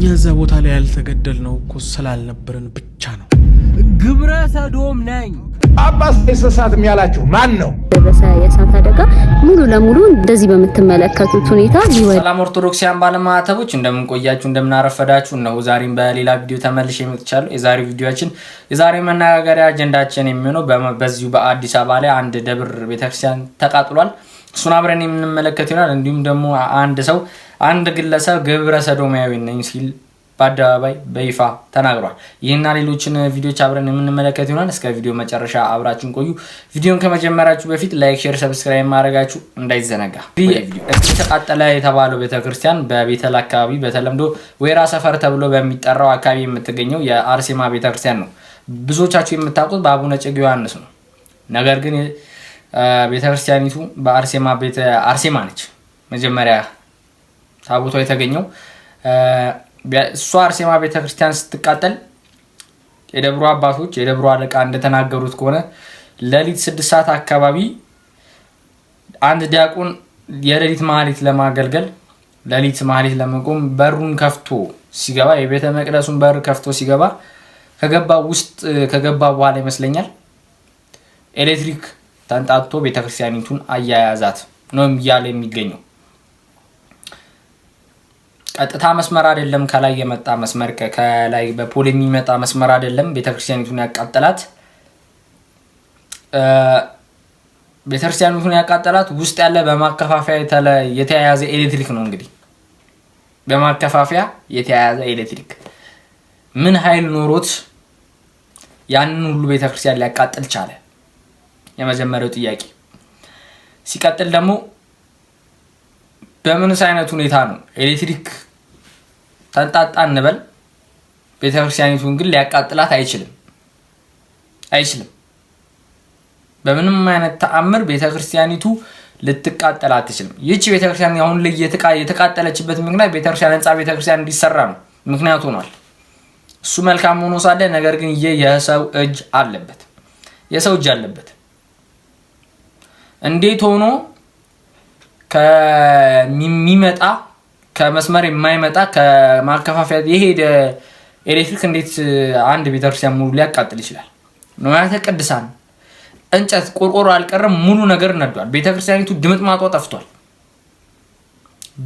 እኛ እዛ ቦታ ላይ ያልተገደል ነው እኮ ስላልነበረን ብቻ ነው። ግብረ ሰዶም ነኝ። ጳጳስ አይሳሳትም የሚያላችሁ ማን ነው? ደረሰ የእሳት አደጋ ሙሉ ለሙሉ እንደዚህ በምትመለከቱት ሁኔታ ሰላም ኦርቶዶክሲያን ባለማዕተቦች እንደምንቆያችሁ እንደምናረፈዳችሁ ነው። ዛሬም በሌላ ቪዲዮ ተመልሼ መጥቻለሁ። የዛሬ ቪዲዮችን የዛሬ መነጋገሪያ አጀንዳችን የሚሆነው በዚሁ በአዲስ አበባ ላይ አንድ ደብር ቤተክርስቲያን ተቃጥሏል። እሱን አብረን የምንመለከት ይሆናል። እንዲሁም ደግሞ አንድ ሰው አንድ ግለሰብ ግብረ ሰዶማዊ ነኝ ሲል በአደባባይ በይፋ ተናግሯል። ይህና ሌሎችን ቪዲዮዎች አብረን የምንመለከት ይሆናል። እስከ ቪዲዮ መጨረሻ አብራችን ቆዩ። ቪዲዮን ከመጀመራችሁ በፊት ላይክ፣ ሼር፣ ሰብስክራይብ ማድረጋችሁ እንዳይዘነጋ። ተቃጠለ የተባለው ቤተክርስቲያን በቤተል አካባቢ በተለምዶ ወይራ ሰፈር ተብሎ በሚጠራው አካባቢ የምትገኘው የአርሴማ ቤተክርስቲያን ነው። ብዙዎቻችሁ የምታውቁት በአቡነ ጭግ ዮሐንስ ነው። ነገር ግን ቤተክርስቲያኒቱ በአርሴማ ቤተ አርሴማ ነች መጀመሪያ ታቦቷ የተገኘው። እሷ አርሴማ ቤተክርስቲያን ስትቃጠል የደብሮ አባቶች የደብሮ አለቃ እንደተናገሩት ከሆነ ለሊት ስድስት ሰዓት አካባቢ አንድ ዲያቆን የሌሊት ማህሌት ለማገልገል ለሊት ማህሌት ለመቆም በሩን ከፍቶ ሲገባ የቤተ መቅደሱን በር ከፍቶ ሲገባ ከገባ ውስጥ ከገባ በኋላ ይመስለኛል ኤሌክትሪክ ተንጣቶ ቤተክርስቲያኒቱን አያያዛት ነው እያለ የሚገኘው። ቀጥታ መስመር አይደለም፣ ከላይ የመጣ መስመር ከላይ በፖል የሚመጣ መስመር አይደለም። ቤተክርስቲያኒቱን ያቃጠላት ቤተክርስቲያኒቱን ያቃጠላት ውስጥ ያለ በማከፋፈያ የተያያዘ ኤሌክትሪክ ነው። እንግዲህ በማከፋፈያ የተያያዘ ኤሌክትሪክ ምን ኃይል ኖሮት ያንን ሁሉ ቤተክርስቲያን ሊያቃጥል ቻለ? የመጀመሪያው ጥያቄ። ሲቀጥል ደግሞ በምንስ አይነት ሁኔታ ነው ኤሌክትሪክ ተንጣጣ እንበል ቤተክርስቲያኒቱን ግን ሊያቃጥላት አይችልም አይችልም። በምንም አይነት ተአምር ቤተክርስቲያኒቱ ልትቃጠል አትችልም። ይቺ ቤተክርስቲያን አሁን ላይ የተቃጠለችበት ምክንያት ቤተክርስቲያን ህንፃ ቤተክርስቲያን እንዲሰራ ነው ምክንያቱ ሆኗል። እሱ መልካም ሆኖ ሳለ ነገር ግን ይህ የሰው እጅ አለበት የሰው እጅ አለበት። እንዴት ሆኖ ከሚመጣ ከመስመር የማይመጣ ከማከፋፈያ የሄደ ኤሌክትሪክ እንዴት አንድ ቤተክርስቲያን ሙሉ ሊያቃጥል ይችላል? ንዋያተ ቅድሳን እንጨት፣ ቆርቆሮ አልቀረም፣ ሙሉ ነገር ነዷል። ቤተክርስቲያኒቱ ድምጥማጧ ጠፍቷል።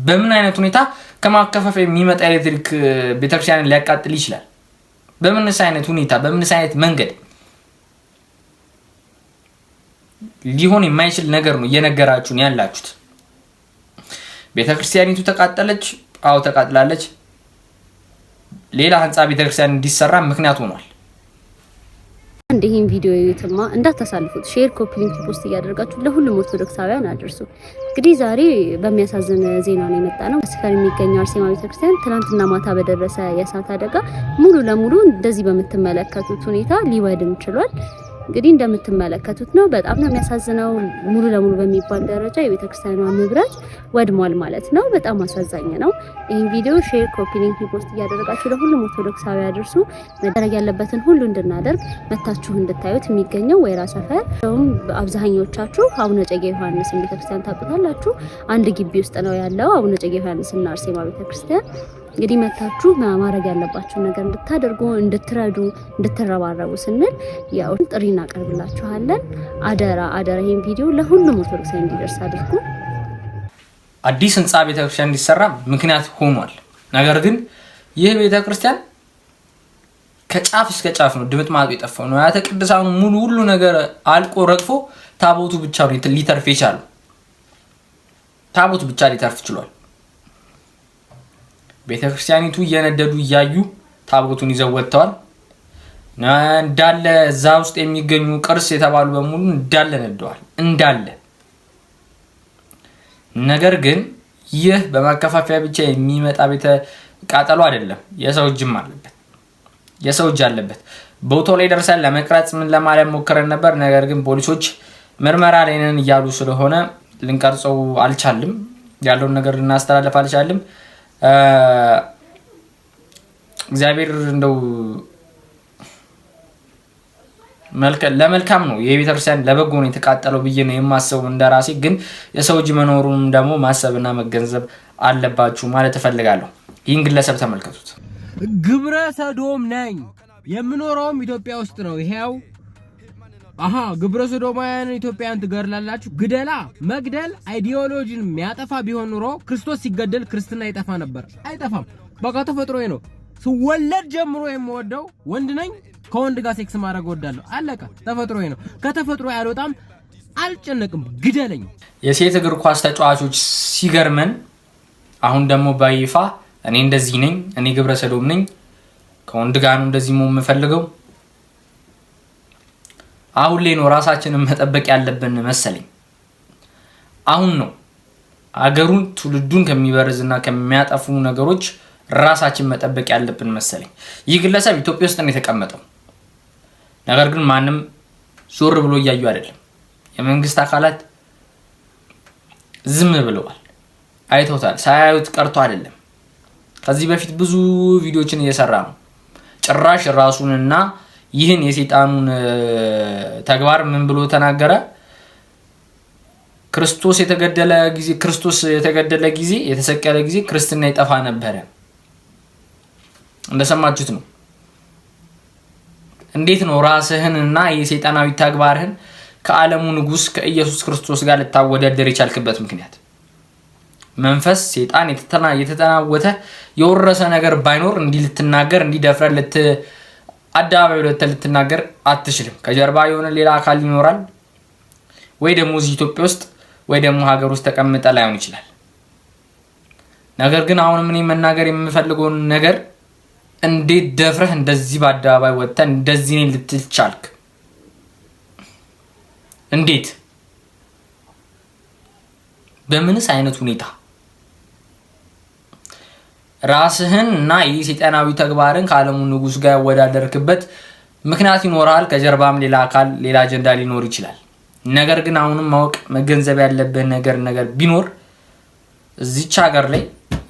በምን አይነት ሁኔታ ከማከፋፊያ የሚመጣ ኤሌክትሪክ ቤተክርስቲያንን ሊያቃጥል ይችላል? በምንስ አይነት ሁኔታ በምንስ አይነት መንገድ ሊሆን የማይችል ነገር ነው እየነገራችሁን ያላችሁት። ቤተ ክርስቲያኒቱ ተቃጠለች። አዎ ተቃጥላለች። ሌላ ህንፃ ቤተ ክርስቲያን እንዲሰራ ምክንያት ሆኗል። አንድ ይህን ቪዲዮ የትማ እንዳታሳልፉት፣ ሼር፣ ኮፒ ሊንክ፣ ፖስት እያደርጋችሁ ለሁሉም ኦርቶዶክሳውያን አድርሱ። እንግዲህ ዛሬ በሚያሳዝን ዜና ነው የመጣ ነው። ሰፈር የሚገኘው አርሴማ ቤተክርስቲያን ትናንትና ማታ በደረሰ የእሳት አደጋ ሙሉ ለሙሉ እንደዚህ በምትመለከቱት ሁኔታ ሊወድም ችሏል። እንግዲህ እንደምትመለከቱት ነው። በጣም ነው የሚያሳዝነው። ሙሉ ለሙሉ በሚባል ደረጃ የቤተክርስቲያኗ ንብረት ወድሟል ማለት ነው። በጣም አሳዛኝ ነው። ይህን ቪዲዮ ሼር፣ ኮፒ ሊንክ፣ እያደረጋችሁ ለሁሉም ኦርቶዶክሳዊ አድርሱ። መደረግ ያለበትን ሁሉ እንድናደርግ መታችሁ እንድታዩት የሚገኘው ወይራ ሰፈር ም አብዛኞቻችሁ አቡነ ጨጌ ዮሐንስን ቤተክርስቲያን ታውቁታላችሁ። አንድ ግቢ ውስጥ ነው ያለው አቡነ ጨጌ እና አርሴማ ቤተክርስቲያን እንግዲህ መታችሁ ማድረግ ያለባቸው ነገር እንድታደርጉ እንድትረዱ እንድትረባረቡ ስንል ያው ጥሪ እናቀርብላችኋለን። አደራ አደራ ይህን ቪዲዮ ለሁሉም ኦርቶዶክሳዊ እንዲደርስ አድርጉ። አዲስ ህንፃ ቤተክርስቲያን እንዲሰራ ምክንያት ሆኗል። ነገር ግን ይህ ቤተክርስቲያን ከጫፍ እስከ ጫፍ ነው ድምጥማጡ የጠፋው ነው። ያተ ቅድሳኑ ሙሉ ሁሉ ነገር አልቆ ረግፎ ታቦቱ ብቻ ሊተርፍ የቻለው። ታቦቱ ብቻ ሊተርፍ ችሏል። ቤተ ክርስቲያኒቱ እየነደዱ እያዩ ታቦቱን ይዘው ወጥተዋል። እንዳለ እዛ ውስጥ የሚገኙ ቅርስ የተባሉ በሙሉ እንዳለ ነደዋል እንዳለ። ነገር ግን ይህ በማከፋፈያ ብቻ የሚመጣ ቤተ ቃጠሎ አይደለም። የሰው እጅም አለበት፣ የሰው እጅ አለበት። ቦታው ላይ ደርሰን ለመቅረጽ ምን ለማለት ሞክረን ነበር። ነገር ግን ፖሊሶች ምርመራ ላይ ነን እያሉ ስለሆነ ልንቀርጸው አልቻልም። ያለውን ነገር ልናስተላለፍ አልቻልም። እግዚአብሔር እንደው ለመልካም ነው የቤተክርስቲያን ለበጎ ነው የተቃጠለው ብዬ ነው የማስበው እንደራሴ። ግን የሰው እጅ መኖሩን ደግሞ ማሰብና መገንዘብ አለባችሁ ማለት እፈልጋለሁ። ይህን ግለሰብ ተመልከቱት። ግብረ ሰዶም ነኝ የምኖረውም ኢትዮጵያ ውስጥ ነው። ይሄው አሀ ግብረ ሰዶማውያን ኢትዮጵያን ትገድላላችሁ። ግደላ መግደል አይዲዮሎጂን የሚያጠፋ ቢሆን ኑሮ ክርስቶስ ሲገደል ክርስትና ይጠፋ ነበር። አይጠፋም። በቃ ተፈጥሮ ነው። ስወለድ ጀምሮ የምወደው ወንድ ነኝ። ከወንድ ጋር ሴክስ ማድረግ እወዳለሁ። አለቀ። ተፈጥሮ ነው። ከተፈጥሮ አልወጣም፣ አልጨነቅም። ግደለኝ። የሴት እግር ኳስ ተጫዋቾች ሲገርመን፣ አሁን ደግሞ በይፋ እኔ እንደዚህ ነኝ፣ እኔ ግብረ ሰዶም ነኝ፣ ከወንድ ጋር ነው እንደዚህ የምፈልገው አሁን ላይ ነው ራሳችንን መጠበቅ ያለብን መሰለኝ። አሁን ነው አገሩን ትውልዱን ከሚበርዝና ከሚያጠፉ ነገሮች ራሳችን መጠበቅ ያለብን መሰለኝ። ይህ ግለሰብ ኢትዮጵያ ውስጥ ነው የተቀመጠው። ነገር ግን ማንም ዞር ብሎ እያዩ አይደለም። የመንግስት አካላት ዝም ብለዋል፣ አይተውታል። ሳያዩት ቀርቶ አይደለም። ከዚህ በፊት ብዙ ቪዲዮችን እየሰራ ነው። ጭራሽ ራሱንና ይህን የሴጣኑን ተግባር ምን ብሎ ተናገረ? ክርስቶስ የተገደለ ጊዜ ክርስቶስ የተገደለ ጊዜ የተሰቀለ ጊዜ ክርስትና ይጠፋ ነበረ። እንደሰማችሁት ነው። እንዴት ነው ራስህን እና የሰይጣናዊ ተግባርህን ከዓለሙ ንጉስ ከኢየሱስ ክርስቶስ ጋር ልታወዳደር የቻልክበት ምክንያት? መንፈስ ሴጣን የተጠናወተ የወረሰ ነገር ባይኖር እንዲህ ልትናገር እንዲህ ልትናገር አደባባይ ወጥተህ ልትናገር አትችልም። ከጀርባ የሆነ ሌላ አካል ይኖራል፣ ወይ ደግሞ እዚህ ኢትዮጵያ ውስጥ ወይ ደግሞ ሀገር ውስጥ ተቀምጠ ላይሆን ይችላል። ነገር ግን አሁንም እኔ መናገር የምፈልገውን ነገር እንዴት ደፍረህ እንደዚህ በአደባባይ ወጥተህ እንደዚህ እኔን ልትል ቻልክ? እንዴት? በምንስ አይነት ሁኔታ ራስህን እና ይህ ሰይጣናዊ ተግባርን ከዓለሙ ንጉስ ጋር ያወዳደርክበት ምክንያት ይኖራል ከጀርባም ሌላ አካል፣ ሌላ አጀንዳ ሊኖር ይችላል። ነገር ግን አሁንም ማወቅ መገንዘብ ያለብህ ነገር ነገር ቢኖር እዚች ሀገር ላይ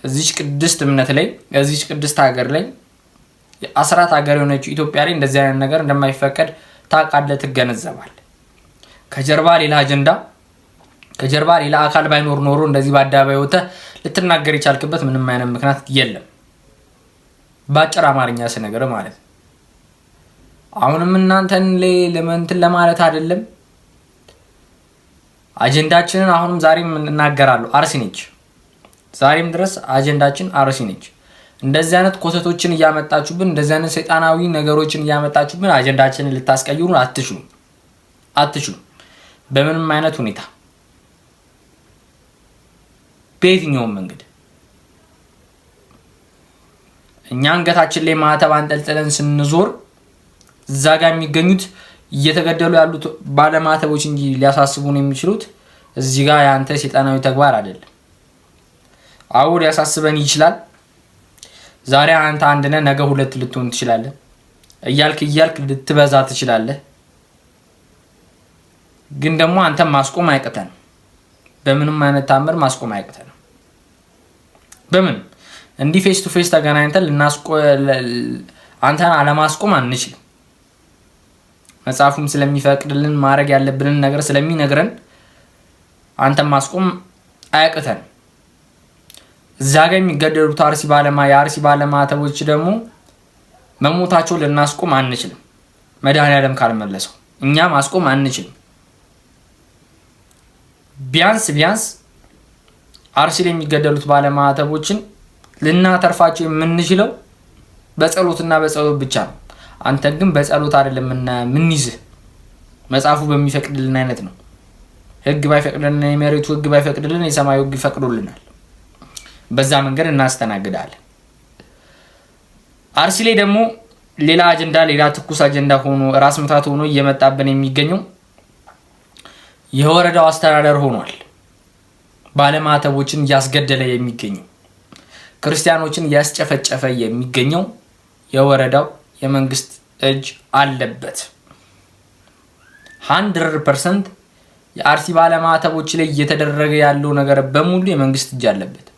እዚች ቅድስት እምነት ላይ እዚች ቅድስት ሀገር ላይ አስራት ሀገር የሆነችው ኢትዮጵያ ላይ እንደዚህ አይነት ነገር እንደማይፈቀድ ታውቃለህ፣ ትገነዘባል ከጀርባ ሌላ አጀንዳ ከጀርባ ሌላ አካል ባይኖር ኖሮ እንደዚህ በአደባባይ ወጥተህ ልትናገር የቻልክበት ምንም አይነት ምክንያት የለም። በአጭር አማርኛ ስነገር ማለት አሁንም እናንተን ለመንትን ለማለት አይደለም። አጀንዳችንን አሁንም ዛሬም እናገራለሁ። አርሲ ነች። ዛሬም ድረስ አጀንዳችን አርሲ ነች። እንደዚህ አይነት ኮተቶችን እያመጣችሁብን፣ እንደዚህ አይነት ሰይጣናዊ ነገሮችን እያመጣችሁብን አጀንዳችንን ልታስቀይሩን አትችሉም፣ አትችሉም በምንም አይነት ሁኔታ በየትኛውም መንገድ እኛ አንገታችን ላይ ማተብ አንጠልጥለን ስንዞር እዛ ጋር የሚገኙት እየተገደሉ ያሉት ባለማተቦች እንጂ ሊያሳስቡን የሚችሉት እዚህ ጋር የአንተ ሴጣናዊ ተግባር አይደለም። አዎ ሊያሳስበን ይችላል። ዛሬ አንተ አንድ ነህ፣ ነገ ሁለት ልትሆን ትችላለህ። እያልክ እያልክ ልትበዛ ትችላለህ። ግን ደግሞ አንተም ማስቆም አይቅተን፣ በምንም አይነት ታምር ማስቆም አይቅተን በምን እንዲህ ፌስ ቱ ፌስ ተገናኝተን አንተን አለማስቆም አንችልም። መጽሐፉም ስለሚፈቅድልን ማድረግ ያለብንን ነገር ስለሚነግረን አንተን ማስቆም አያቅተን። እዛ ጋ የሚገደሉት አርሲ ባለማ የአርሲ ባለማተቦች ደግሞ መሞታቸው ልናስቆም አንችልም። መድኃኔዓለም ካልመለሰው እኛ ማስቆም አንችልም። ቢያንስ ቢያንስ አርሲል የሚገደሉት ባለማዕተቦችን ልናተርፋቸው የምንችለው በጸሎትና በጸሎት ብቻ ነው። አንተ ግን በጸሎት አይደለም የምንይዝህ፣ መጽሐፉ በሚፈቅድልን አይነት ነው። ህግ ባይፈቅድልን፣ የመሬቱ ህግ ባይፈቅድልን፣ የሰማዩ ህግ ይፈቅዱልናል። በዛ መንገድ እናስተናግዳለን። አርሲ ላይ ደግሞ ሌላ አጀንዳ ሌላ ትኩስ አጀንዳ ሆኖ ራስ ምታት ሆኖ እየመጣብን የሚገኘው የወረዳው አስተዳደር ሆኗል። ባለማተቦችን እያስገደለ የሚገኘው ክርስቲያኖችን እያስጨፈጨፈ የሚገኘው የወረዳው የመንግስት እጅ አለበት። ሀንድረድ ፐርሰንት የአርሲ ባለማተቦች ላይ እየተደረገ ያለው ነገር በሙሉ የመንግስት እጅ አለበት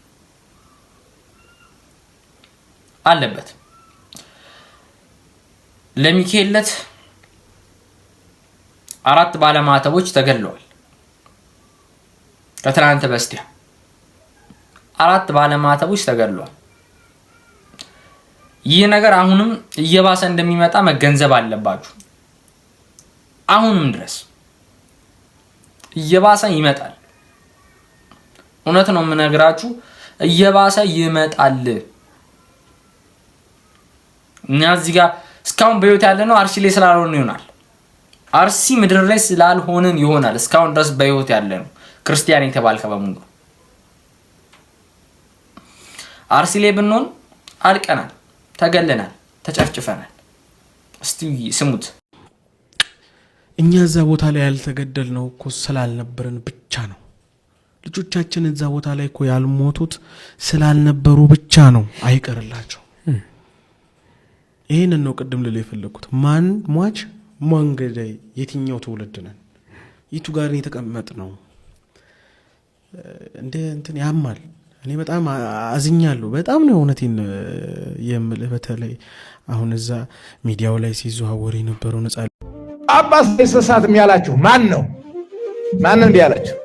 አለበት። ለሚካኤል አራት ባለማተቦች ተገለዋል። ከትናንት በስቲያ አራት ባለማተቦች ተገድሏል። ይህ ነገር አሁንም እየባሰ እንደሚመጣ መገንዘብ አለባችሁ። አሁንም ድረስ እየባሰ ይመጣል። እውነት ነው የምነግራችሁ፣ እየባሰ ይመጣል። እኛ እዚህ ጋር እስካሁን በህይወት ያለ ነው አርሲ ላይ ስላልሆን ይሆናል። አርሲ ምድር ላይ ስላልሆንን ይሆናል እስካሁን ድረስ በህይወት ያለ ነው። ክርስቲያን የተባልከ በሙሉ አርሲ ላይ ብንሆን አልቀናል፣ ተገለናል፣ ተጨፍጭፈናል። እስቲ ስሙት። እኛ እዛ ቦታ ላይ ያልተገደል ነው እኮ ስላልነበርን ብቻ ነው። ልጆቻችን እዛ ቦታ ላይ እኮ ያልሞቱት ስላልነበሩ ብቻ ነው። አይቀርላቸው። ይህንን ነው ቅድም ልል የፈለግኩት። ማን ሟች ማን ገዳይ? የትኛው ትውልድ ነን? ይቱ ጋር የተቀመጥ ነው? እንደ እንትን ያማል። እኔ በጣም አዝኛለሁ። በጣም ነው እውነቴን የምልህ። በተለይ አሁን እዛ ሚዲያው ላይ ሲዘዋወር የነበረው ነጻ አባስ አይሳሳትም ያላችሁ ማን ነው? ማን እንዲህ ያላችሁ?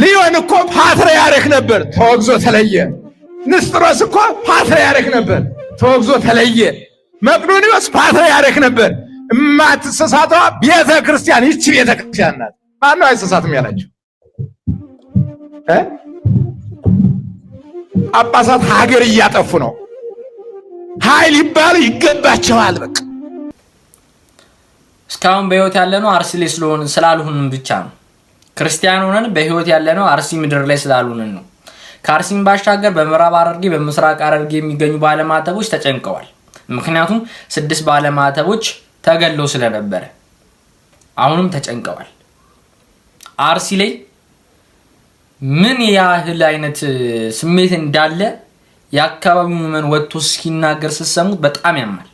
ሊዮን እኮ ፓትርያርክ ነበር፣ ተወግዞ ተለየ። ንስጥሮስ እኮ ፓትርያርክ ነበር፣ ተወግዞ ተለየ። መቅዶኒዎስ ፓትርያርክ ነበር። እማትሳሳቷ ቤተ ክርስቲያን ይቺ ቤተ ክርስቲያን ናት። ማነው አይሰሳትም ያላቸው? ጳጳሳት ሀገር እያጠፉ ነው። ኃይል ይባል ይገባቸዋል። በቃ እስካሁን በህይወት ያለነው አርሲ ላይ ስላልሆንን ብቻ ነው። ክርስቲያን ሆነን በህይወት ያለነው አርሲ ምድር ላይ ስላልሆንን ነው። ከአርሲም ባሻገር በምዕራብ ሐረርጌ፣ በምስራቅ ሐረርጌ የሚገኙ ባለማዕተቦች ተጨንቀዋል። ምክንያቱም ስድስት ባለማዕተቦች ተገለው ስለነበረ አሁንም ተጨንቀዋል። አርሲ ላይ ምን ያህል አይነት ስሜት እንዳለ የአካባቢው ምዕመን ወጥቶ ሲናገር ስትሰሙት በጣም ያማል።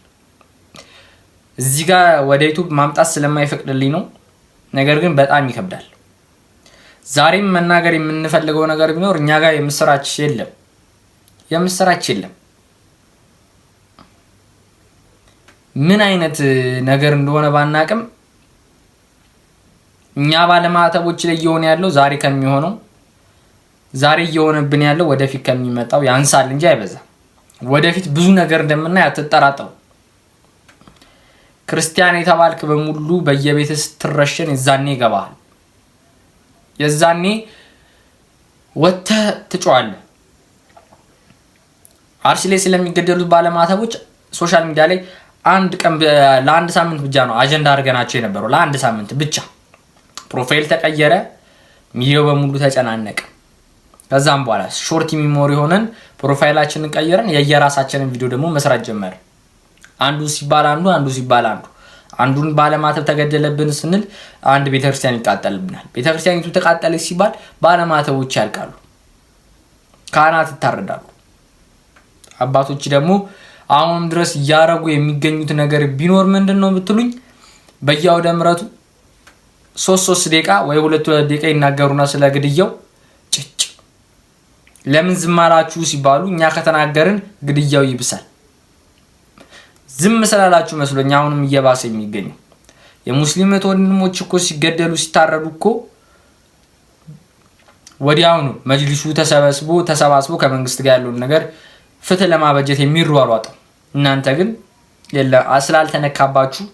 እዚህ ጋር ወደ ዩቱብ ማምጣት ስለማይፈቅድልኝ ነው። ነገር ግን በጣም ይከብዳል። ዛሬም መናገር የምንፈልገው ነገር ቢኖር እኛ ጋር የምስራች የለም፣ የምስራች የለም። ምን አይነት ነገር እንደሆነ ባናቅም እኛ ባለማዕተቦች ላይ እየሆነ ያለው ዛሬ ከሚሆነው ዛሬ እየሆነብን ያለው ወደፊት ከሚመጣው ያንሳል እንጂ አይበዛም። ወደፊት ብዙ ነገር እንደምናይ አትጠራጠሩ። ክርስቲያን የተባልክ በሙሉ በየቤት ስትረሸን የዛኔ ይገባሃል። የዛኔ ወጥተህ ትጮዋለህ። አርሲ ላይ ስለሚገደሉት ባለማተቦች ሶሻል ሚዲያ ላይ አንድ ቀን ለአንድ ሳምንት ብቻ ነው አጀንዳ አድርገናቸው የነበረው ለአንድ ሳምንት ብቻ ፕሮፋይል ተቀየረ። ሚዲያው በሙሉ ተጨናነቀ። ከዛም በኋላ ሾርት ሚሞሪ ሆነን ፕሮፋይላችንን ቀየረን የየራሳችንን ቪዲዮ ደግሞ መስራት ጀመር። አንዱ ሲባል አንዱ አንዱ ሲባል አንዱ አንዱን ባለማተብ ተገደለብን ስንል አንድ ቤተክርስቲያን ይቃጠልብናል። ቤተክርስቲያኒቱ ተቃጠለች ሲባል ባለማተቦች ያልቃሉ፣ ካህናት ይታረዳሉ። አባቶች ደግሞ አሁንም ድረስ እያረጉ የሚገኙት ነገር ቢኖር ምንድን ነው ብትሉኝ በየአውደ ምረቱ። ሶስት ሶስት ደቂቃ ወይ ሁለት ሁለት ደቂቃ ይናገሩና ስለ ግድያው ጭጭ ለምን አላችሁ ሲባሉ እኛ ከተናገርን ግድያው ይብሳል። ዝም ስላላችሁ መስሎኛ አሁንም እየባሰ የሚገኘው የሙስሊም ወንድሞች እኮ ሲገደሉ ሲታረዱ እኮ ወዲያውኑ መጅሊሱ ተሰበስቦ ተሰባስቦ ከመንግስት ጋር ያለውን ነገር ፍትህ ለማበጀት የሚሯሯጠው እናንተ ግን ስላልተነካባችሁ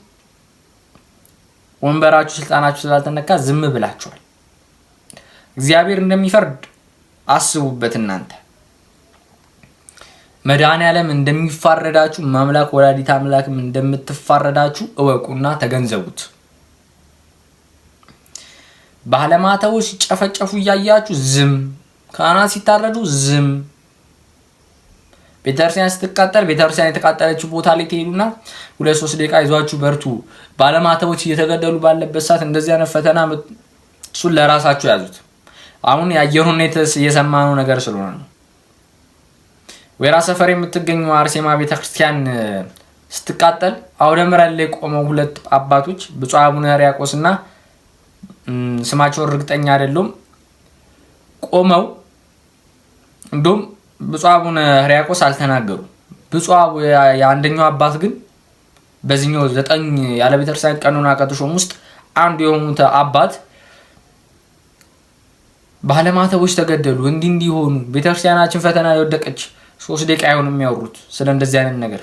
ወንበራችሁ፣ ስልጣናችሁ ስላልተነካ ዝም ብላችኋል። እግዚአብሔር እንደሚፈርድ አስቡበት። እናንተ መድኃኔ ዓለም እንደሚፋረዳችሁ ማምላክ ወላዲት አምላክም እንደምትፋረዳችሁ እወቁና ተገንዘቡት። ባለማተቦች ሲጨፈጨፉ እያያችሁ ዝም፣ ካህናት ሲታረዱ ዝም ቤተክርስቲያን ስትቃጠል ቤተክርስቲያን የተቃጠለችው ቦታ ላይ ትሄዱና ሁለት ሶስት ደቂቃ ይዟችሁ በርቱ። ባለማተቦች እየተገደሉ ባለበት ሰዓት እንደዚህ አይነት ፈተና እሱን ለራሳችሁ ያዙት። አሁን የአየር ሁኔታ እየሰማነው ነገር ስለሆነ ነው። ወይራ ሰፈር የምትገኘው አርሴማ ቤተክርስቲያን ስትቃጠል አውደ ምሕረት ላይ ቆመው ሁለት አባቶች ብፁዕ አቡነ ሕርያቆስ እና ስማቸውን እርግጠኛ አይደሉም ቆመው እንዲሁም ብፁዕ አቡነ ሕርያቆስ አልተናገሩ ብፁዕ የአንደኛው አባት ግን በዚህኛው ዘጠኝ ያለ ቤተክርስቲያን ቀኖና ቀጥሾም ውስጥ አንዱ የሆኑት አባት ባለማተቦች ተገደሉ፣ እንዲህ እንዲሆኑ ቤተክርስቲያናችን ፈተና የወደቀች ሶስት ደቂቃ አይሆን የሚያወሩት ስለ እንደዚህ አይነት ነገር።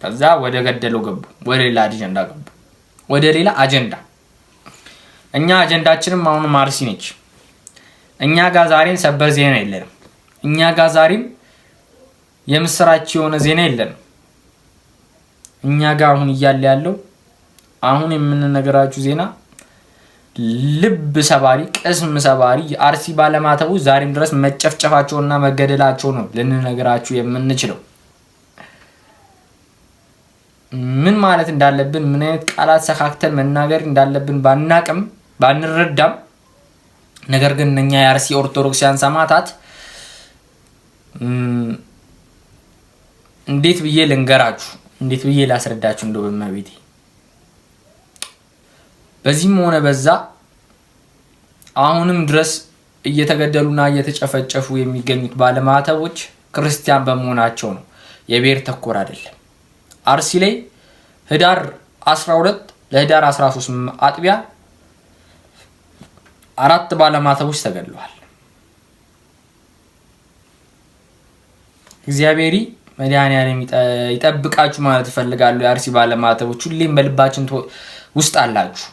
ከዛ ወደ ገደለው ገቡ፣ ወደ ሌላ አጀንዳ ገቡ፣ ወደ ሌላ አጀንዳ። እኛ አጀንዳችንም አሁንም አርሲ ነች። እኛ ጋር ዛሬን ሰበር ዜና የለንም። እኛ ጋር ዛሬም የምስራች የሆነ ዜና የለንም። እኛ ጋር አሁን እያለ ያለው አሁን የምንነገራችሁ ዜና ልብ ሰባሪ፣ ቅስም ሰባሪ የአርሲ ባለማተቡ ዛሬም ድረስ መጨፍጨፋቸውና መገደላቸው ነው ልንነግራችሁ የምንችለው። ምን ማለት እንዳለብን ምን አይነት ቃላት ሰካክተን መናገር እንዳለብን ባናቅም ባንረዳም፣ ነገር ግን እኛ የአርሲ ኦርቶዶክሲያን ሰማዕታት እንዴት ብዬ ልንገራችሁ? እንዴት ብዬ ላስረዳችሁ? እንደው በመቤቴ በዚህም ሆነ በዛ አሁንም ድረስ እየተገደሉና እየተጨፈጨፉ የሚገኙት ባለማተቦች ክርስቲያን በመሆናቸው ነው። የብሔር ተኮር አይደለም። አርሲ ላይ ህዳር 12 ለህዳር 13 አጥቢያ አራት ባለማተቦች ተገድለዋል። እግዚአብሔር መድኃኒዓለም ይጠብቃችሁ ማለት ይፈልጋሉ። የአርሲ ባለማተቦች ሁሌም በልባችን ውስጥ አላችሁ።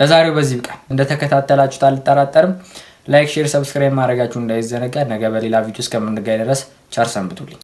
ለዛሬው በዚህ ብቃ። እንደተከታተላችሁት አልጠራጠርም። ላይክ፣ ሼር፣ ሰብስክራይብ ማድረጋችሁ እንዳይዘነጋ። ነገ በሌላ ቪዲዮ እስከምንገናኝ ድረስ ቸር ሰንብቱልኝ።